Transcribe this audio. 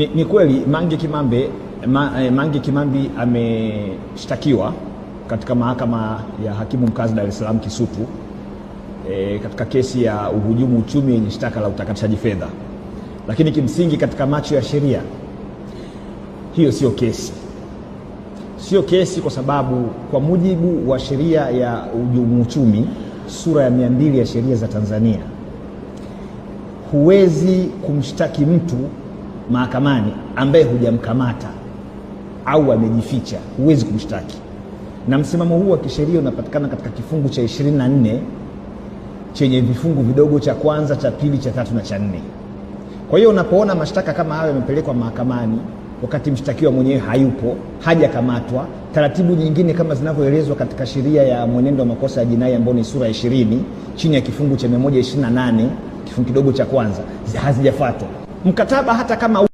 Ni, ni kweli Mange Kimambe ma, eh, Mange Kimambi ameshtakiwa katika mahakama ya hakimu mkazi Dar es Salaam Kisutu eh, katika kesi ya uhujumu uchumi yenye shtaka la utakatishaji fedha, lakini kimsingi katika macho ya sheria hiyo sio kesi, sio kesi kwa sababu kwa mujibu wa sheria ya uhujumu uchumi sura ya mia mbili ya sheria za Tanzania huwezi kumshtaki mtu mahakamani ambaye hujamkamata au amejificha, huwezi kumshtaki. Na msimamo huu wa kisheria unapatikana katika kifungu cha 24 chenye vifungu vidogo cha kwanza, cha pili, cha tatu na cha nne. Kwa hiyo unapoona mashtaka kama hayo yamepelekwa mahakamani wakati mshtakiwa mwenyewe hayupo, hajakamatwa, taratibu nyingine kama zinavyoelezwa katika sheria ya mwenendo wa makosa ya jinai ambayo ni sura 20 ishirini chini ya kifungu cha 128 kifungu kidogo cha kwanza hazijafuatwa mkataba hata kama